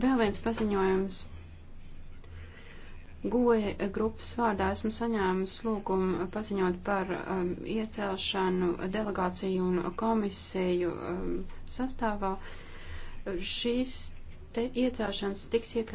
Vēl viens paziņojums. Goja grupas vārdā esmu saņēmis lūgumu paziņot par um, iecelšanu delegāciju un komisiju um, sastāvā. Šīs te iecelšanas tiks iekļautas.